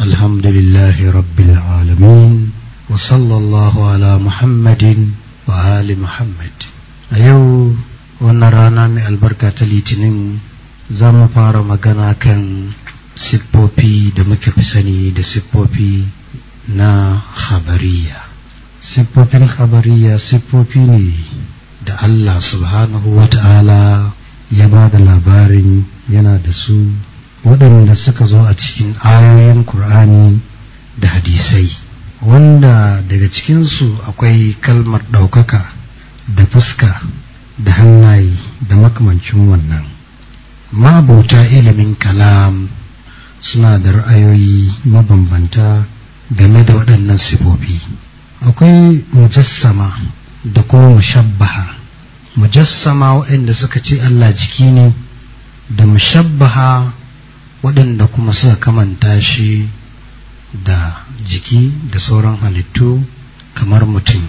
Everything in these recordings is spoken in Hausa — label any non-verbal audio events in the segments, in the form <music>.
الحمد لله رب العالمين وصلى الله على محمد وآل محمد أيو ونرانا من البركة الاتنين زم فار مغانا كان سبوبي دمك بسني دسبوبي نا خبرية سبوبي خبرية سبوبي da Allah subhanahu wa ta'ala ya ba da labarin yana da su waɗanda suka zo a cikin ayoyin ƙur'ani da hadisai wanda daga cikinsu akwai kalmar ɗaukaka da fuska da hannaye da makamancin wannan mabuta ilimin kalam suna da ra'ayoyi mabambanta game da waɗannan sifofi akwai mujassama da kuma mushabbaha mujassama waɗanda suka ce Allah jiki ne da mushabbaha waɗanda kuma suka kamanta shi da jiki da sauran halittu kamar mutum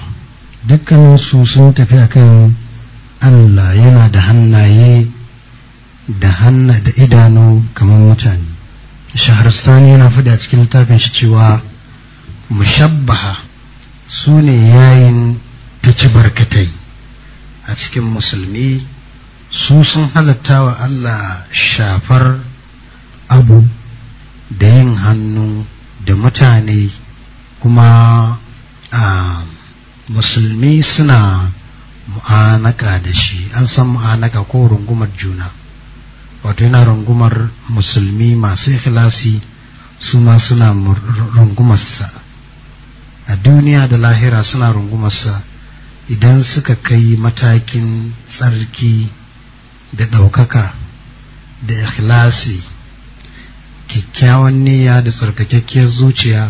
dukkaninsu sun tafi a kan allah yana da hannaye da hanna da idanu kamar mutane Sani yana faɗi a cikin littafin shi cewa mushabbaha su ne yayin ta ci barkatai a cikin musulmi su sun halatta wa allah shafar abu da yin hannu da mutane kuma a musulmi suna mu'anaka da shi an san mu'anaka ko rungumar juna wato yana rungumar musulmi masu ikilasi su ma suna rungumarsa a duniya da lahira suna rungumarsa idan suka kai matakin tsarki da ɗaukaka da ikhlasi kyakkyawan niyya da tsarkakakkiyar zuciya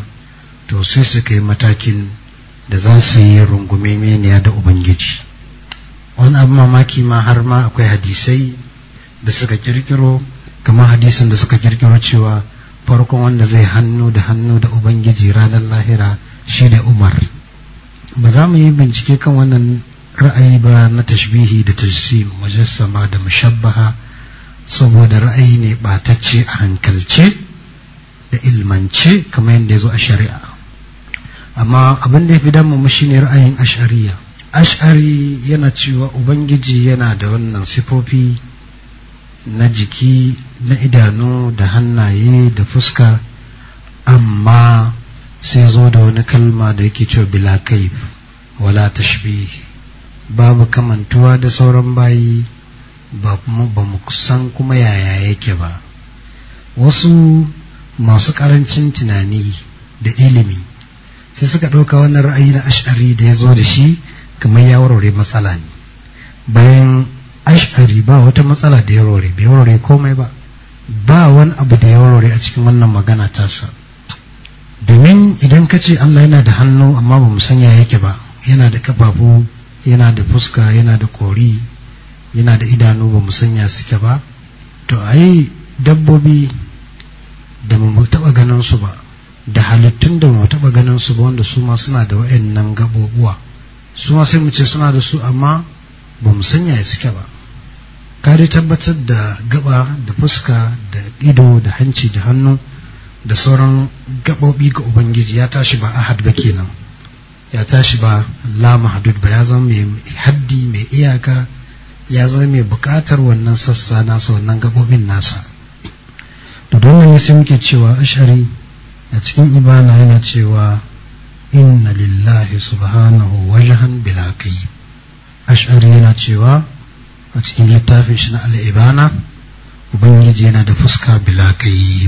to sai su kai matakin da za su yi rungume meniya da ubangiji wani abu mamaki ma har ma akwai hadisai da suka kirkiro kamar hadisin da suka kirkiro cewa farkon wanda zai hannu da hannu da ubangiji ranar lahira shi ne umar ba za mu yi bincike kan wannan ra'ayi ba na tashbihi da tajsim mujassama da mushabbaha saboda ra'ayi ne ɓatacce a hankalce da ilmance kamar yadda ya zo a shari'a amma abin da ya fi damu mu shine ra'ayin ashariya ash'ari yana cewa ubangiji yana da wannan sifofi na jiki na idanu da hannaye da fuska amma sai zo da wani kalma da yake cewa bila kaif wala tashbih babu kamantuwa da sauran bayi ba kuma ba mu san kuma yaya yake ba wasu masu karancin tunani da ilimi sai suka ɗauka wannan ra'ayi na ash'ari da ya zo da shi kamar ya warware matsala ne bayan ash'ari ba wata matsala da ya warware bai warware komai ba ba wani abu da ya warware a cikin wannan magana tasa domin idan ka ce Allah yana da hannu amma ba mu san ya yake ba yana da kafafu yana da fuska yana da kori yana da idanu ba sanya suke ba to ai dabbobi da mu taɓa ganin su ba da halittun da mu taɓa ganin su ba wanda su ma suna da wa'annan gabobuwa su ma sai mu ce suna da su amma ba mu sanya suke ba ka dai tabbatar da gaba da fuska da ido da hanci da hannu da sauran gabobi ga ubangiji ya tashi ba ahad ba kenan ya tashi ba la mahdud ba ya zama mai haddi mai iyaka ya zama mai bukatar wannan sassa nasa wannan gabobin nasa da domin sai muke cewa ashari a cikin ibana yana cewa inna lillahi subhanahu wajhan bila kai ashari yana cewa a cikin littafin shi na al'ibana ubangiji yana da fuska bila kai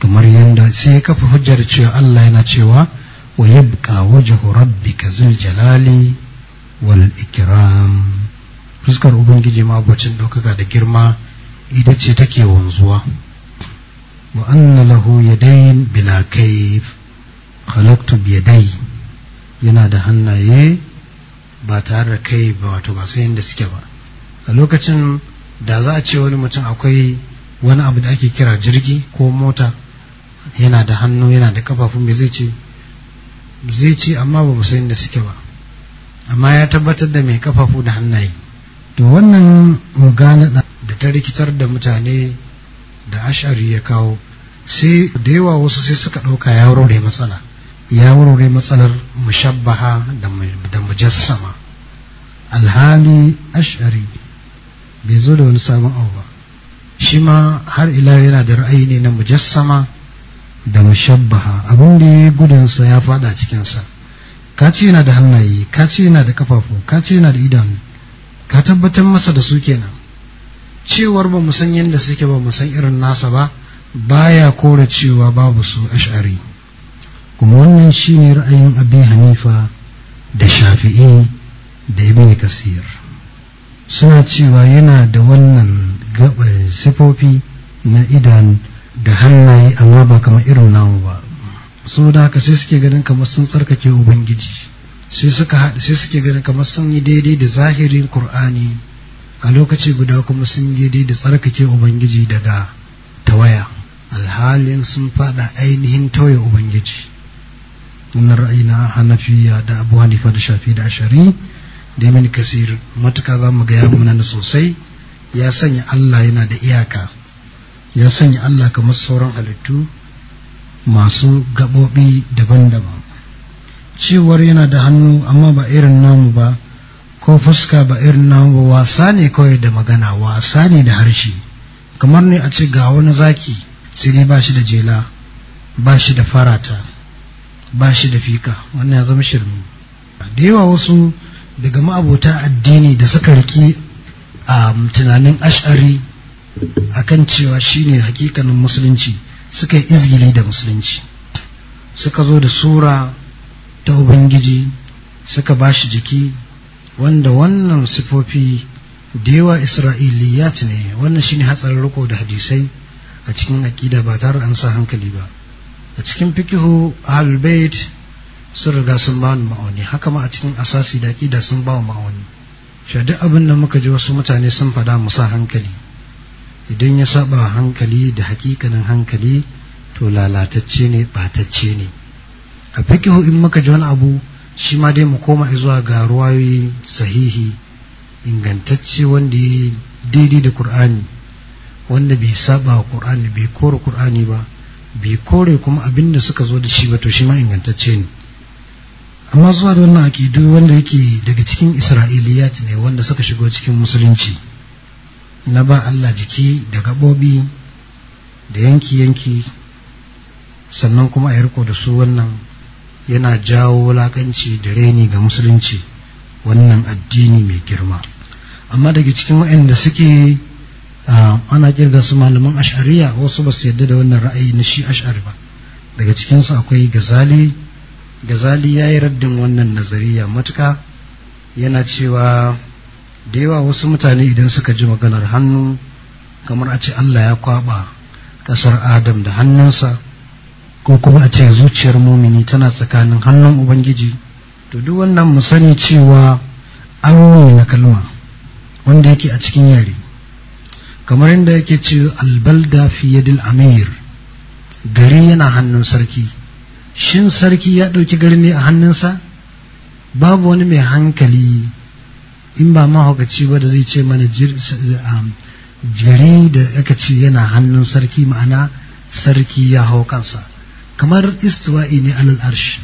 kamar yadda sai kafa hujjar cewa Allah yana cewa wa yabqa wajhu rabbika zul jalali wal ikram fuskar ubangiji ma bacin ɗaukaka da girma ita ce take wanzuwa wa anna lahu yadayn bila kayf khalaqtu bi yaday yana da hannaye ba tare da kai ba wato ba sai inda suke ba a lokacin da za a ce wani mutum akwai wani abu da ake kira jirgi ko mota yana da hannu yana da kafafu me zai ce zai ce amma ba mu san inda suke ba amma ya tabbatar da mai kafafu da hannaye to wannan muganada da ta rikitar da mutane da ash'ari ya kawo sai da yawa wasu sai suka ɗauka ya warware matsala ya warware matsalar mushabbaha da mujassama alhali ash'ari bai zo da wani sabon abu ba shi ma har ila yana da ra'ayi ne na mujassama da mushabbaha abin da ya gudunsa ya fada cikinsa ka yana da hannaye ka yana da kafafu ka ce yana da idanu ka tabbatar masa da su kenan cewar ba mu san yadda suke ba mu san irin nasa ba baya kore cewa babu su ash'ari kuma wannan shine ra'ayin abin hanifa da shafi'i da ibn kasir suna cewa yana da wannan sifofi na idan da hannaye amma ba kamar irin namu ba so da haka sai suke ganin kamar sun tsarkake ubangiji sai suka haɗu sai suke ganin kamar sun yi daidai da zahirin Kur'ani a lokaci guda kuma sun yi daidai da tsarkake Ubangiji daga tawaya alhalin sun faɗa ainihin tauye Ubangiji wannan ra'ayi na Hanafiya da Abu Hanifa da Shafi da Ashari da yamin Kasir matuka za mu ga ya muna sosai ya sanya Allah yana da iyaka ya sanya Allah kamar sauran halittu masu gaɓoɓi daban-daban ciwar yana da hannu amma ba irin namu ba ko fuska ba irin namu ba wasa ne kawai da magana wasa ne da harshe kamar ne a ce ga wani zaki sai dai ba shi da jela ba shi da farata ba shi da fika wannan ya zama shirme da yawa wasu daga ma'abota addini da suka riki a um, tunanin ash'ari akan cewa shine hakikanin musulunci suka yi izgili da musulunci suka zo da sura ta ubangiji suka ba shi jiki wanda wannan sifofi da yawa isra'iliyat ne wannan shi ne hatsarin riko da hadisai a cikin aƙida ba tare an sa hankali ba a cikin fikihu ahlul sun riga sun ba ma'auni haka ma a cikin asasi da aƙida sun ba ma'auni shi duk abin da muka ji wasu mutane sun faɗa mu sa hankali idan ya saba hankali da hakikanin hankali to lalatacce ne ɓatacce ne a fikihu in muka ji wani abu shi ma dai mu koma zuwa ga ruwayoyi sahihi ingantacce wanda ya daidai da ƙur'ani wanda bai saba wa ƙur'ani bai kore ƙur'ani ba bai kore kuma abin da suka zo da shi ba to shi ma ingantacce ne amma zuwa da wannan aƙidu wanda yake daga cikin isra'iliyat ne wanda suka shigo cikin musulunci na ba Allah jiki da gaɓoɓi da yanki-yanki sannan kuma a yi riko da su wannan yana jawo wulakanci da reni ga musulunci wannan addini mai girma amma daga cikin waɗanda suke ana kirga su malaman ash'ariya wasu ba su yadda da wannan ra'ayi na shi ash'ari ba daga cikinsu akwai gazali gazali ya yi raddin wannan nazariya matuka yana cewa da yawa wasu mutane idan suka ji maganar hannu kamar a ce allah ya kwaba ƙasar adam da hannunsa ko kuma a ce zuciyar mumini tana tsakanin hannun ubangiji to duk wannan mu sani cewa an na kalma wanda yake a cikin yare kamar yadda yake ce albalda fi yadil amir gari yana hannun sarki shin sarki ya ɗauki gari ne a hannunsa babu wani mai hankali in ba mahaukaci ba da zai ce mana jiri um, da aka ce yana hannun sarki ma'ana sarki ya hau kansa kamar istiwa'i ne alal arshi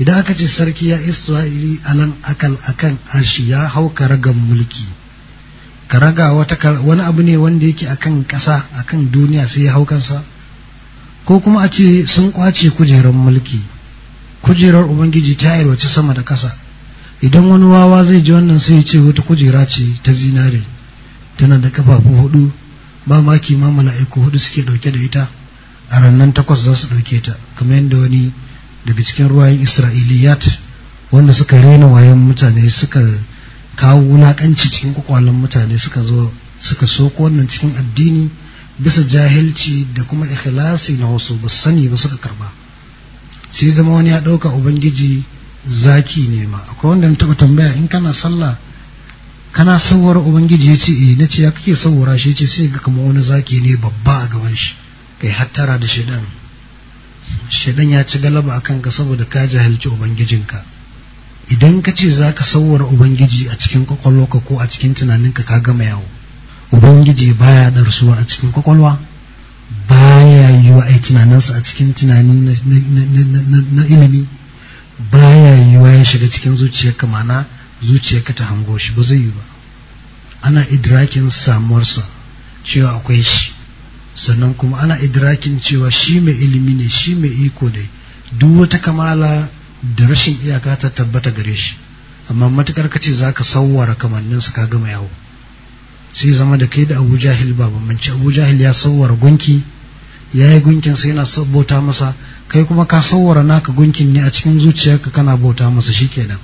idan aka ce sarki ya istiwa'i alan akal akan arshi ya hau karagan mulki karaga wata wani abu ne wanda yake akan ƙasa akan duniya sai ya hau kansa ko kuma a ce sun kwace kujerar mulki kujerar ubangiji ta yalwace sama da ƙasa idan wani wawa zai ji wannan sai ya ce wata kujera ce ta zinare tana da kafafu hudu ba maki ma mala'iku hudu suke dauke da ita a rannan takwas za su ɗauke ta kamar yadda wani daga cikin ruwayen isra'iliyat wanda suka rena wayan mutane suka kawo wulaƙanci cikin kwakwalen mutane suka zo suka soko wannan cikin addini bisa jahilci da kuma ikhlasi na wasu ba sani ba suka karba sai zama wani ya ɗauka ubangiji zaki ne ma akwai wanda na taɓa tambaya in kana sallah kana sauwar ubangiji ya ce eh na ce ya kake sauwara shi ce sai ga kamar wani zaki ne babba a gaban shi kai hattara da shedan shedan ya ci galaba a kanka saboda ka jahilci ubangijinka idan ka ce za ka sauwara ubangiji a cikin kwakwalwarka ko a cikin tunaninka ka gama yawo ubangiji baya darsuwa a cikin kwakwalwa baya wa ai tunaninsa a cikin tunani na ilimi baya wa ya shiga cikin zuciyarka mana zuciyarka ta hango shi ba zai yi ba ana idrakin samuwarsa cewa akwai shi sannan kuma ana idrakin cewa shi mai ilimi ne shi mai iko ne duk wata kamala da rashin iyaka ta tabbata gare shi amma matukar kace zaka sawwara kamannin su ka gama yawo sai zama da kai da Abu Jahil ba bambanci Abu Jahil ya sawwara gunki yayi gunkin sai yana bauta masa kai kuma ka sauwara naka gunkin ne a cikin zuciyarka kana bauta masa shikenan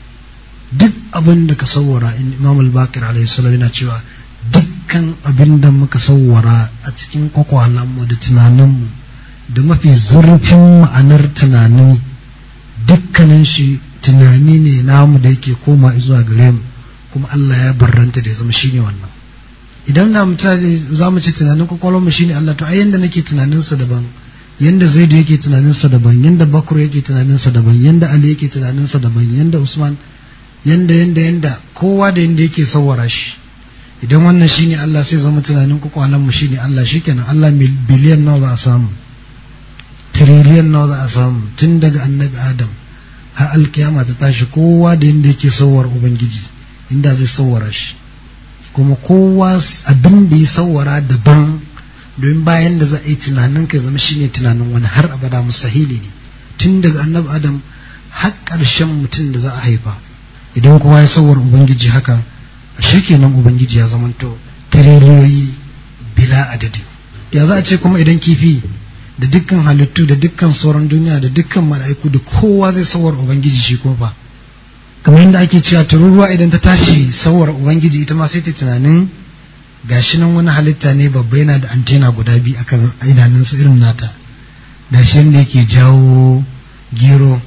duk abin da ka sauwara Imam Al-Baqir alaihi salam yana cewa dukkan abin da muka sauwara a cikin kwakwalanmu da tunaninmu da mafi zurfin ma'anar tunani dukkanin shi tunani ne namu da yake koma zuwa gare mu kuma Allah ya barranta da ya zama shine wannan idan na za mu ce tunanin kwakwalwarmu shine Allah to ai yanda nake tunaninsa daban yanda zaidu yake tunaninsa daban yanda bakur yake tunaninsa daban yanda ali yake tunaninsa daban yanda usman yanda yanda yanda kowa da yanda yake sawara shi idan wannan shine Allah sai zama tunanin kwakwalan mu shine Allah shikenan Allah biliyan nawa za a samu triliyan nawa za a samu tun daga annabi adam har alkiyama ta tashi kowa da yadda yake sauwar ubangiji inda zai sauwara shi kuma kowa abin da ya sauwara daban domin bayan da za a yi tunanin kai zama shine tunanin wani har abada musahili ne tun daga annabi adam har ƙarshen mutum da za a haifa idan kowa ya sauwar ubangiji haka ashe kenan ubangiji ya zamanto tiriliyoyi bila adadi ya za a ce kuma idan kifi da dukkan halittu da dukkan sauran duniya da dukkan mala'iku da kowa zai sawar ubangiji shi kuma ba kamar yadda ake cewa tururuwa idan ta tashi sawar ubangiji ita ma sai ta tunanin gashi nan wani halitta ne babba yana da antena guda biyu akan su irin nata gashi yadda yake jawo gero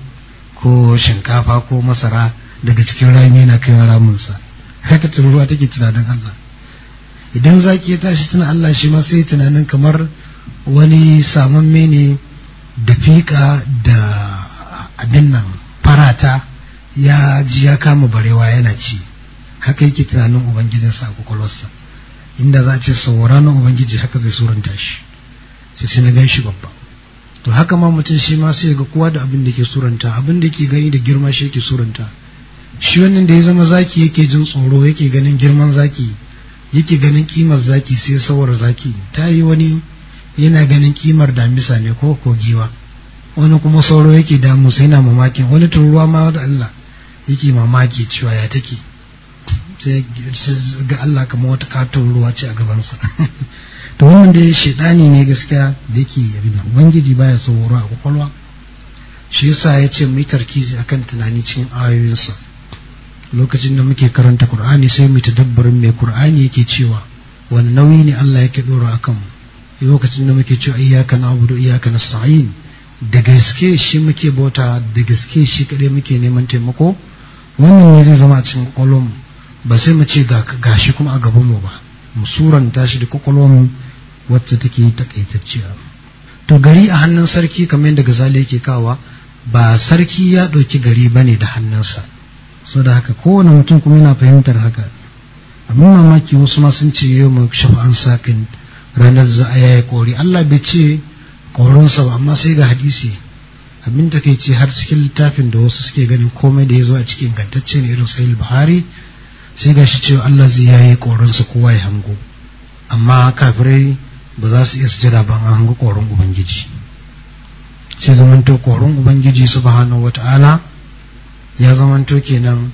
ko shinkafa ko masara daga cikin rami yana kai ramunsa haka tururuwa take tunanin Allah idan zaki ya tashi tuna Allah shi ma sai tunanin kamar wani samamme ne da fika da abin nan farata ya ji ya kama barewa yana ci haka yake tunanin ubangijinsa a kwakwalwarsa inda za ce sauraron ubangiji haka zai suranta shi sai sai na gan shi babba to haka ma mutum shi ma sai ga kowa da abin da ke suranta abin da ke gani da girma shi ke suranta shi wannan da ya zama zaki yake jin tsoro yake ganin girman zaki yake ganin kimar zaki sai sawar zaki ta yi wani yana ganin kimar damisa ne ko kogiwa wani kuma sauro yake damu sai na mamakin wani turuwa ma da Allah yake mamaki cewa ya take sai ga Allah kamar wata katon ruwa ce a gabansa <laughs> to wannan dai shaidani ne gaskiya da yake abin wangiji baya sauro a kwakwalwa shi yasa ya ce mai tarkizi akan tunani cikin ayoyinsa lokacin da muke karanta Qur'ani sai mu tadabburin mai Qur'ani yake cewa wani nauyi ne Allah yake dora akan mu lokacin da muke cewa iyyaka na'budu iyyaka nasta'in da gaske shi muke bota da gaske shi kadai muke neman taimako wannan ne zai zama cikin kwakwalwar ba sai mu ce ga shi kuma a gaban mu ba mu suranta shi da kwakwalwar wacce take takaitacciya to gari a hannun sarki kamar yadda gazali yake kawa ba sarki ya ɗauki gari bane da hannunsa so da haka kowane mutum kuma yana fahimtar haka abin mamaki wasu ma sun ce yau mai shafa an sakin ranar za a yaya kori Allah bai ce korinsa ba amma sai ga hadisi abin da kai ce har cikin littafin da wasu suke ganin komai da ya zo a cikin gantacce ne irin sahil buhari sai ga shi cewa Allah zai yaye korinsa kowa ya hango amma kafirai ba za su iya sujada ba an hango korin ubangiji sai zamanto korin ubangiji subhanahu wata'ala ya zamanto kenan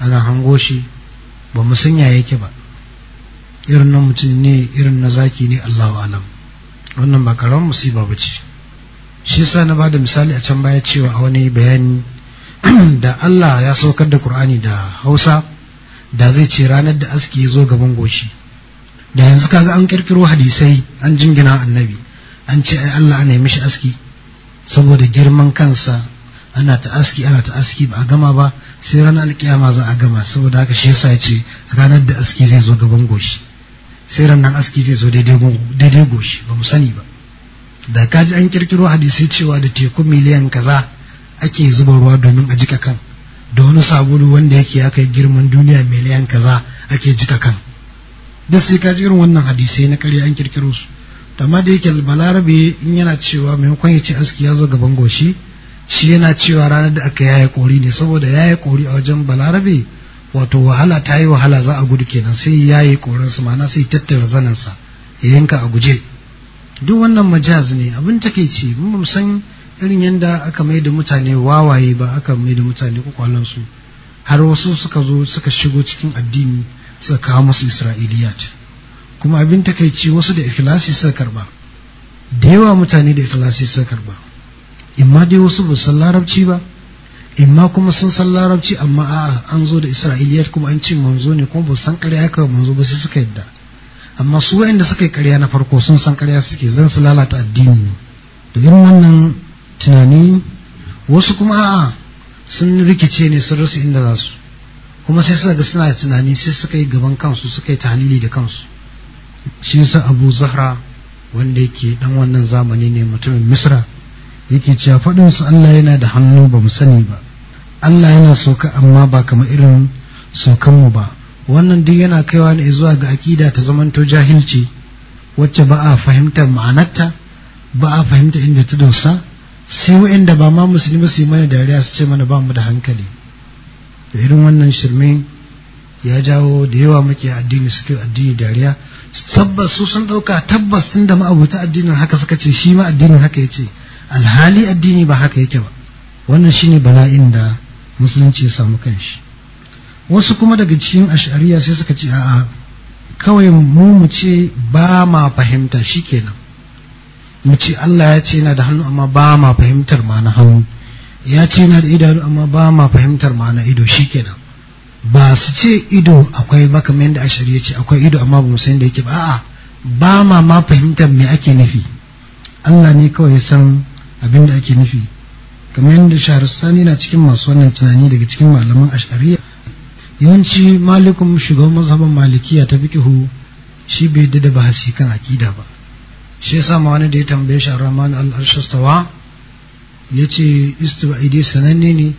ana hango shi ba mu sanya yake ba irin na mutum ne irin na zaki ne Allahu alam wannan ba karamin musiba ba ce shi yasa na bada misali a can baya cewa a wani bayani <clears throat> da Allah ya saukar da Qur'ani da Hausa da zai ce ranar da aski zo gaban goshi da yanzu kaga an kirkiro hadisai an jingina annabi an ce ai Allah ana yi mishi aski saboda girman kansa ana ta aski ana ta aski ba a gama ba sai ranar alkiyama za a gama saboda haka shi yasa ce ranar da aski zai zo gaban goshi sai ranar aski zai zo daidai goshi ba mu sani ba da ka ji an kirkiro hadisai cewa da teku miliyan kaza ake zuba ruwa domin a jika kan da wani sabulu wanda yake ya kai girman duniya miliyan kaza ake jika kan duk sai ji irin wannan hadisai na karya an kirkiro su amma da yake balarabe in yana cewa maimakon ya ce aski ya zo gaban goshi shi yana cewa ranar da aka yaya kori ne saboda yaya kori a wajen balarabe wato wahala ta yi wahala za a gudu kenan sai yaye su ma'ana sai tattara zanensa ya yanka a guje duk wannan majaz ne abin takeici mun san irin yadda aka mai da mutane wawaye ba aka mai da mutane su har wasu suka zo suka shigo cikin addini suka kawo musu isra'iliyat kuma abin takeici wasu da ikhlasi suka karba da yawa mutane da ikhlasi suka karba imma dai wasu ba san larabci ba imma kuma sun san larabci amma a'a an zo da isra'iliya kuma an ce manzo ne kuma ba san ƙarya haka manzo ba sai suka yadda amma su wa'anda suka yi ƙarya na farko sun san ƙarya suke zan su lalata addini ne da irin wannan tunani wasu kuma a'a sun rikice ne sun rasa inda za su kuma sai suka ga suna da tunani sai suka yi gaban kansu suka yi tahalili da kansu shi yasa abu zahra wanda yake dan wannan zamani ne mutumin misra yake cewa faɗin su Allah yana da hannu ba mu sani ba Allah yana soka amma ba kamar irin sokan mu ba wannan duk yana kaiwa ne zuwa ga akida ta zamanto jahilci wacce ba a fahimtar ma'anarta ba a fahimta inda ta dosa sai wa'inda ba ma musulmi su yi mana dariya su ce mana ba mu da hankali da irin wannan shirme ya jawo da yawa muke addini suke addini dariya tabbas su sun ɗauka tabbas tun da ma'abuta addinin haka suka ce shi ma addinin haka ya ce alhali addini ba haka yake ba wannan shine bala'in da musulunci ya samu kanshi wasu kuma daga cikin ash'ariya sai suka ce a'a kawai mu mu ce ba ma fahimta shikenan mu ce Allah ya ce yana da hannu amma ba ma fahimtar ma na hannu ya ce yana da idanu amma ba ma fahimtar ma na ido shikenan ba su ce ido akwai ba kamar yadda ash'ariya ce akwai ido amma ba mu san da yake ba a'a ba ma ma fahimtar me ake nufi Allah ne kawai ya san abin da ake nufi kamar yadda sani na cikin masu wannan tunani daga cikin malaman ashariya yawanci malikun shugaban mazhaban malikiya ta fikihu shi bai yadda da bahasi kan akida ba shi yasa ma wani da ya tambaye shi ar-rahman al-arshastawa yace istuwa idai sananne ne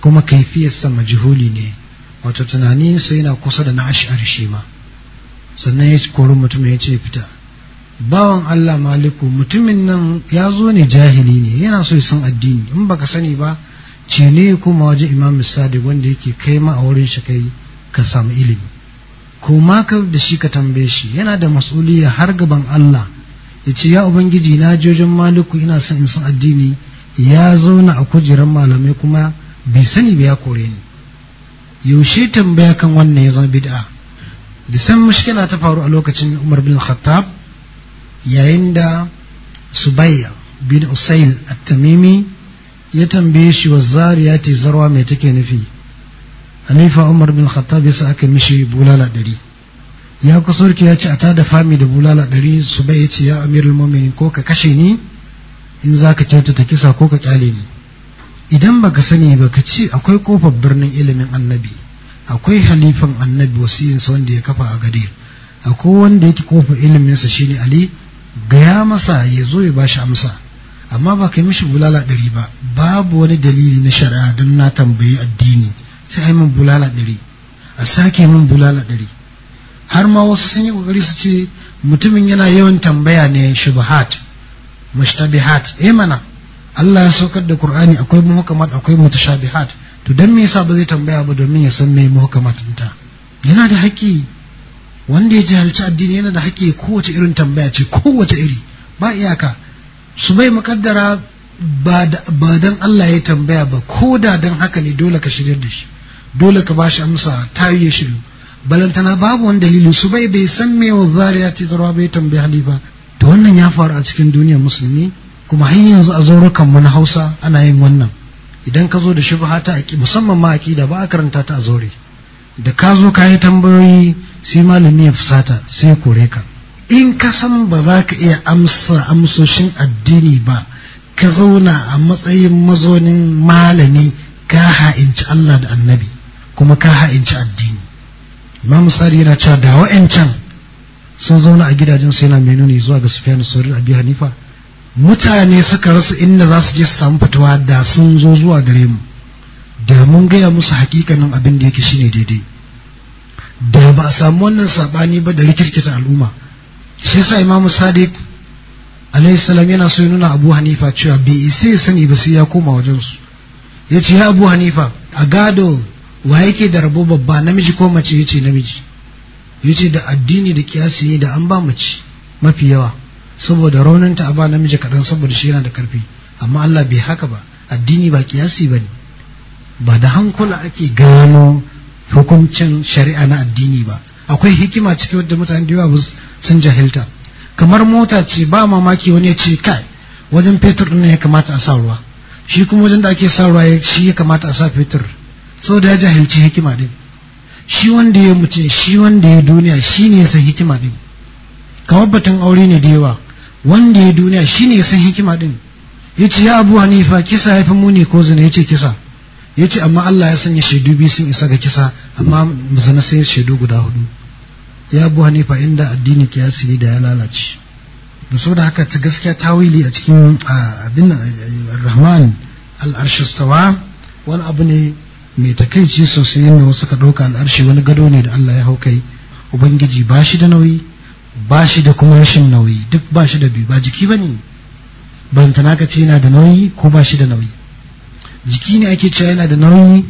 kuma kaifiyarsa majihuli ne wato tunanin sa yana kusa da na ash'ari shi ma sannan ya kori mutum ya ce fita bawan Allah maliku mutumin nan ya zo ne jahili ne yana so ya san addini in baka sani ba ce ne kuma waje imam sadiq wanda yake kai ma a wurin shi kai ka samu ilimi ko ma ka da shi ka tambaye shi yana da mas'uliya har gaban Allah ya ce ya ubangiji na jojin maliku ina son in san addini ya zauna a kujerar malamai kuma bai sani ba ya kore ni yaushe tambaya kan wannan ya zama bid'a da san mushkila ta faru a lokacin Umar bin Khattab yayin da subayya bin usail at-tamimi ya tambaye shi wa zariya ce zarwa mai take nufi hanifa umar bin khattab ya sa aka mishi bulala ɗari ya kusurki ya ce a da fami da bulala ɗari subayya ce ya amirul mu'minin ko ka kashe ni in za ka kyautata kisa ko ka kyale ni idan baka sani ba ka ce akwai kofar birnin ilimin annabi akwai halifan annabi wasiyinsa wanda ya kafa a gade akwai wanda yake kofar iliminsa shine ali gaya masa ya zo ya bashi amsa amma ba kai mishi bulala ɗari ba babu wani dalili na shari'a don na tambayi addini sai a yi min bulala ɗari a sake min bulala ɗari har ma wasu sun yi ƙoƙari su ce mutumin yana yawan tambaya ne shubahat mushtabihat eh mana Allah ya saukar da Qur'ani akwai muhkamat akwai mutashabihat to dan me yasa ba zai tambaya ba domin ya san me muhkamat ɗinta yana da haƙƙi wanda ya jahilci addini yana da haƙƙi kowace irin tambaya ce kowace iri ba iyaka su mai makaddara ba dan Allah ya tambaya ba ko da dan haka ne dole ka shirya da shi dole ka bashi amsa ta yi ya shiru balantana babu wani dalili su bai bai san me wa zariya ce zarwa bai tambaya hali ba to wannan ya faru a cikin duniyar musulmi kuma har yanzu a zaurukan mu na Hausa ana yin wannan idan ka zo da shubha ta musamman ma aqida ba a karanta ta a zaure da ka zo ka yi tambayoyi sai malami ya fusata sai kore ka in ka san ba za ka iya amsa amsoshin addini ba ka zauna a matsayin mazonin malami ka ha'inci Allah da annabi kuma ka ha'inci addini imam sari yana cewa da wa'ancan sun zauna a gidajen su yana menene zuwa ga sufiyan saurin abi hanifa mutane suka rasu inda za su je su samu fatawa da sun zo zuwa gare mu da mun gaya musu hakikanin abin da yake shine daidai da ba a samu wannan saɓani ba da rikirkita al'umma shi sa imamu sadiq alaihi salam yana so ya nuna abu hanifa cewa bai isa sani ba sai ya koma wajen su ya ce ya abu hanifa a gado wa yake da rabo babba namiji ko mace ya ce namiji ya ce da addini da kiyasi ne da an ba mace mafi yawa saboda rauninta a ba namiji kaɗan saboda shi yana da karfi amma Allah bai haka ba addini ba kiyasi ba ne ba da hankula ake gano hukuncin shari'a na addini ba akwai hikima ciki wadda mutane da yawa sun jahilta kamar mota ce ba mamaki wani ya ce kai wajen fetur ɗin ya kamata a sa ruwa shi kuma wajen da ake sa ruwa shi ya kamata a sa fetur da ya jahilci hikima din shi wanda ya mutu shi wanda ya duniya shi ne ya san hikima din kamar batun aure ne da yawa wanda ya duniya shi ne ya san hikima din ya ce ya abu hanifa kisa haifin fi muni ko zina ya ce kisa ya ce amma Allah ya sanya shaidu biyu sun isa ga kisa amma zana sai shaidu guda hudu ya bu hanifa inda addini ya siri da ya lalace da da haka ta gaskiya tawili a cikin abin rahman al'arshistawa wani abu ne mai takaici sosai yadda wasu ka ɗauka al'arshi wani gado ne da Allah ya hau kai ubangiji ba shi da nauyi ba shi da kuma rashin nauyi duk ba shi da biyu ba jiki ba ne tana ka ce yana da nauyi ko ba shi da nauyi jiki ne ake cewa yana da nauyi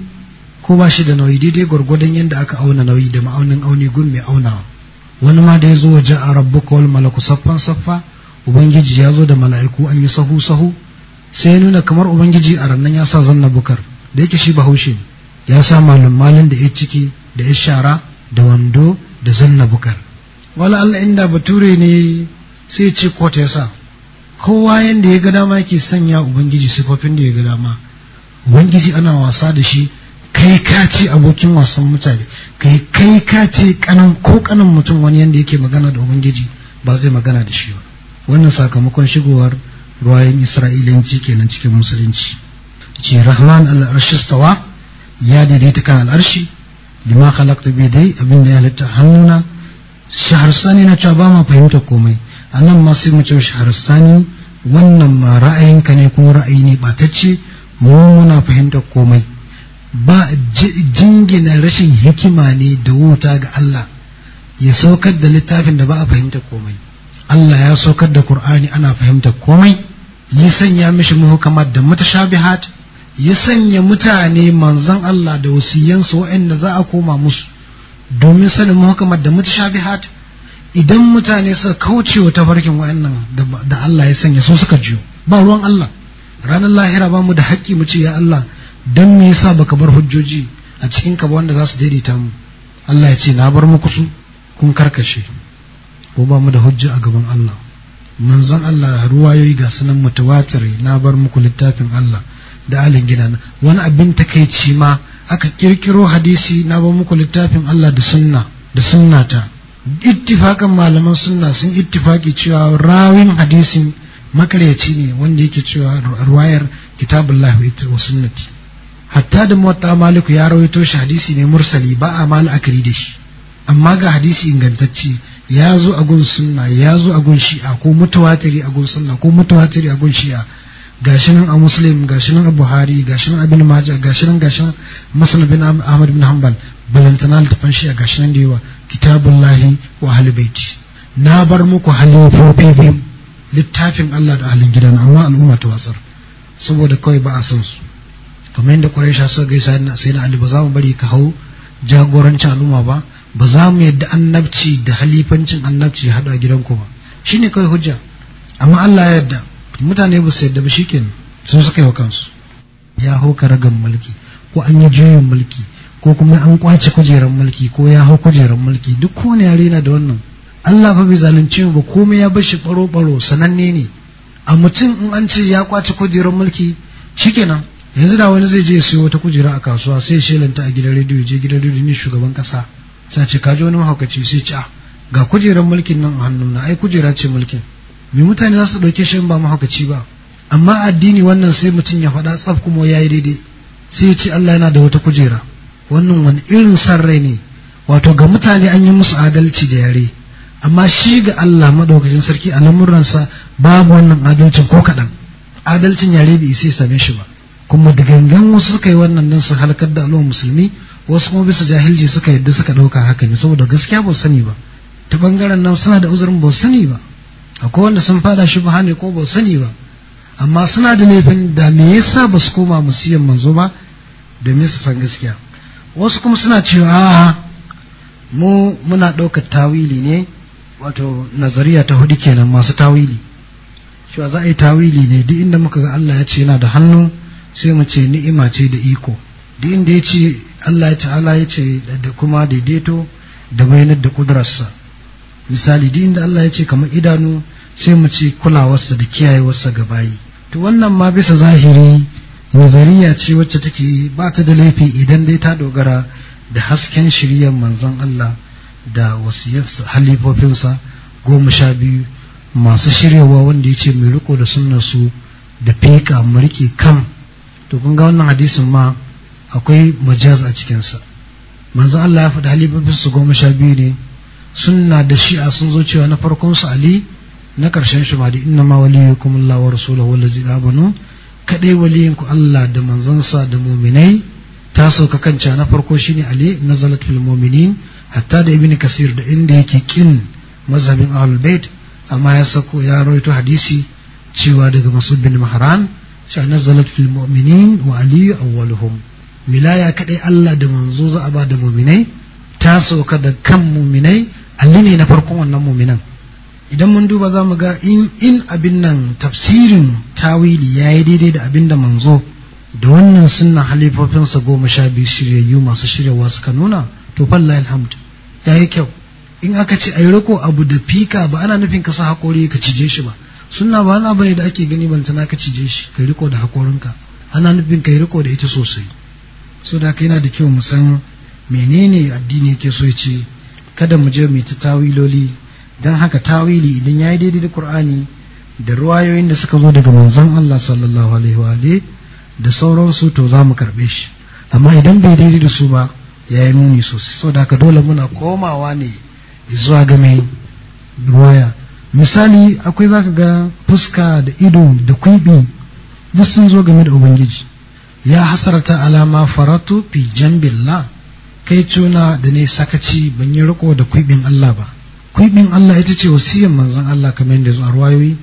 ko ba shi da nauyi daidai gwargwadon yadda aka auna nauyi da ma'aunin auni gun mai auna. wani ma da ya zo waje a rabbuka wal malaku saffan saffa ubangiji ya zo da mala'iku an yi sahu sahu sai ya nuna kamar ubangiji a rannan ya sa zanna bukar da yake shi bahaushe ya sa malin malin da ya ciki da ya shara da wando da zanna bukar wala Allah inda bature ne sai ya ce kota ya sa kowa yanda ya ga dama yake sanya ubangiji sifofin da ya ga dama ubangiji ana wasa da shi kai ka ce abokin wasan mutane kai kai ka ce kanan ko kanan mutum wani yanda yake magana da ubangiji ba zai magana da shi ba wannan sakamakon shigowar ruwayen isra'ilanci kenan cikin musulunci ce rahman al'arshistawa ya daidaita kan al'arshi lima khalaqta bi dai abin da ya halitta hannuna shaharsani na cewa ba ma fahimtar komai anan ma sai mu ce shaharsani wannan ma ra'ayinka ne kuma ra'ayi ne batacce mu muna fahimtar komai ba jingina rashin hikima ne da wuta ga Allah ya saukar da littafin da ba a fahimta komai Allah ya saukar da Qur'ani ana fahimtar komai ya sanya mishi muhukamar da mutashabihat ya sanya mutane manzan Allah da wasiyansu waɗanda za a koma musu domin sanin muhukamar da mutashabihat idan mutane suka kauce wa tafarkin waɗannan da Allah ya sanya su suka jiyo ba ruwan Allah ranar lahira ba mu da haƙƙi mu ce ya Allah don me yasa baka bar hujjoji a cikin ka wanda za su daidaita mu Allah ya ce na bar muku su kun karkashe ko ba mu da hujja a gaban Allah manzon Allah ruwayoyi ga sunan mutawatir na bar muku littafin Allah da alin gina wani abin takaici ma aka kirkiro hadisi na bar muku littafin Allah da sunna da sunnata ittifakan malaman sunna sun ittifaki cewa rawin hadisin makaryaci ne wanda yake cewa ruwayar kitabullah wa sunnati hatta da muwatta maliku ya rawaito shi hadisi ne mursali ba a mal akari da shi amma ga hadisi ingantacce ya zo a gun sunna ya zo a gun shi'a ko mutawatiri a gun sunna ko mutawatiri a gun shi'a gashi nan a muslim gashi nan a buhari gashi nan abin maja gashi nan gashi nan masana bin ahmad bin hanbal balantana littafin shi'a gashi nan da yawa kitabullahi wa halibaiti na bar muku halifofi biyu littafin Allah da ahalin gidan amma al'umma ta watsar saboda kawai ba a san su kamar yadda Quraisha suka gaisa sai na Ali ba za mu bari ka hau jagorancin al'umma ba ba za mu yadda annabci da halifancin annabci hada ku ba shine kawai hujja amma Allah ya yadda mutane ba su yadda ba shikenan sun suka yi wa kansu ya hau karagan mulki ko an yi juyin mulki ko kuma an kwace kujerar mulki ko ya hau kujerar mulki duk kowane yare na da wannan Allah fa bai zalunce ba komai ya bashi baro baro sananne ne a mutum in an ce ya kwaci kujerar mulki shikenan yanzu da wani zai je ya siyo wata kujera a kasuwa sai shelanta a gidan rediyo je gidan rediyo ne shugaban kasa sai ce kaji wani mahaukaci sai ci ah, ga kujerar mulkin nan a hannuna ai kujera ce mulkin me mutane za su ɗauke shi ba mahaukaci ba amma addini wannan sai mutum ya faɗa tsaf kuma ya yi daidai sai ya ce Allah yana da wata kujera wannan wani irin san rai ne wato ga mutane an yi musu adalci da yare amma shi ga Allah madaukakin sarki a lamuransa babu wannan adalcin ko kaɗan adalcin yare bai isa same shi ba kuma da gangan wasu suka yi wannan nan su halakar da al'ummar musulmi wasu kuma bisa jahilci suka yadda suka ɗauka haka ne saboda gaskiya ba sani ba ta bangaren nan suna da uzurin ba sani ba akwai wanda sun fada shi ba ne ko ba sani ba amma suna da laifin da me yasa ba su koma musiyan manzo ba domin su san gaskiya wasu kuma suna cewa a mu muna ɗaukar tawili ne wato nazariya ta hudu kenan masu tawili shi za a yi tawili ne duk inda muka ga Allah ya ce yana da hannu sai mu ce ni'ima ce da iko duk inda ya ce Allah ya ce da kuma daidaito da bayanar da kudurarsa misali duk inda Allah ya ce kamar idanu sai mu ce kulawarsa da kiyayewarsa ga bayi to wannan ma bisa zahiri nazariya ce wacce take ba ta da laifi idan dai ta dogara da hasken shiryar manzon Allah da wasiyarsa halifofinsa goma sha biyu masu shiryawa wanda ya ce mai riko da su da feka marike kam to kun ga wannan hadisin ma akwai majaz a cikinsa manzo Allah ya faɗi halifofinsu goma sha biyu ne sunna da shi'a sun zo cewa na farkon su ali na ƙarshen shi ma da inna ma waliyukum Allah wa rasuluhu wallazi amanu kadai ku Allah da manzansa da muminai ta sauka kanta na farko shine ali nazalat fil mu'minin hatta da ibn kasir da inda yake kin mazhabin al-bait amma ya sako ya rawaito hadisi cewa daga masud bin mahran sha nazalat fil mu'minin wa ali awwaluhum milaya kadai Allah da manzo za a ba da mu'minai ta sauka da kan mu'minai Ali ne na farkon wannan mu'minan idan mun duba za mu ga in in abin nan tafsirin tawili ya yi daidai da abin da manzo da wannan sunna halifofinsa goma sha biyu shiryayyu masu shiryawa suka nuna to fallahi alhamd ya kyau in aka ce a yi riko abu da fika ba ana nufin ka sa haƙori ka cije shi ba sunna ba wani abu ne da ake gani tana ka cije shi ka riko da haƙorinka ana nufin ka yi riko da ita sosai so da haka yana da kyau mu san menene addini yake so ya ce kada mu je mu ta tawiloli dan haka tawili idan yayi daidai da Qur'ani da ruwayoyin da suka zo daga manzon Allah sallallahu alaihi wa da sauransu to za mu karbe shi amma idan bai daidai da su ba ya yi nuni sosai so da dole muna komawa ne zuwa ga mai ruwaya misali akwai za ka ga fuska da ido da kwibi duk sun zo game da ubangiji ya hasarta alama faratu fi jambilla kai tuna da ne sakaci ban yi riko da kwibin Allah ba kwibin Allah ita ce wasiyar manzon Allah kamar yadda zuwa ruwayoyi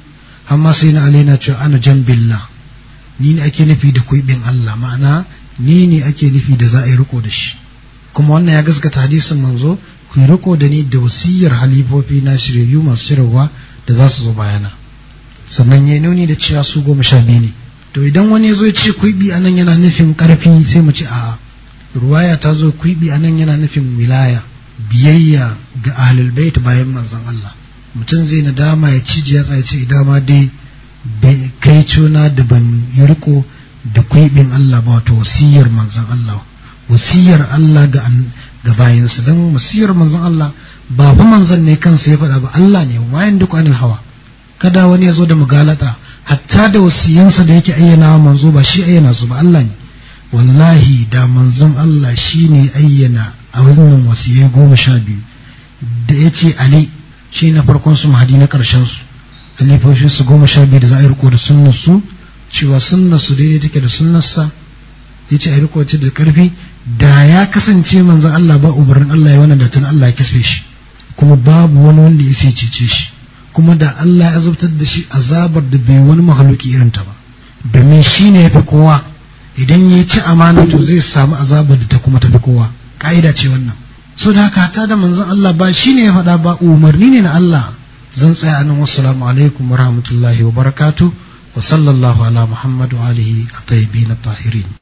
amma sai na alaina cewa ana jambilla ni ne ake nufi da kwibin Allah ma'ana ni ne ake nufi da za a yi riko da shi kuma wannan ya gaskata hadisin manzo ku riko da ni da wasiyar halifofi na shiryayyu masu shirarwa da za su zo bayana sannan ya nuni da cewa su goma sha biyu ne to idan wani ya zo ya ce kuibi anan yana nufin karfi sai mu ce a'a ruwaya ta zo kuibi anan yana nufin wilaya biyayya ga ahlul bait bayan manzon Allah mutum zai nadama ya ci ya ce idan ma dai kai cuna da ban yi riko da kuibin Allah ba wato wasiyar manzon Allah wasiyar Allah ga ga bayansa don wasiyar manzon Allah ba fa manzon ne kansa ya faɗa ba Allah ne wayan duk anil hawa kada wani ya zo da mugalata hatta da wasiyansa da yake ayyana manzo ba shi ayyana su ba Allah ne wallahi da manzon Allah shine ayyana a wannan wasiyai goma sha biyu da ya Ali shi na farkon su mahadi na ƙarshen su shi su goma sha biyu da za a yi riko da sunnar su cewa sunnar su daidai take da sunnarsa ya ce a riko wacce da karfi da ya kasance manzon Allah ba ubarin Allah ya wani da tun Allah ya kisfe shi kuma babu wani wanda ya sai cece shi kuma da Allah ya zubtar da shi azabar da bai wani mahaluki irin ta ba domin shi ne ya fi kowa idan ya ci amana to zai samu azabar da ta kuma ta fi kowa ka'ida ce wannan so da haka ta da manzon Allah ba shi ne ya faɗa ba umarni ne na Allah zan tsaya anan wassalamu alaikum wa rahmatullahi wa barakatuh wa sallallahu ala muhammad wa alihi at-tayyibin na tahirin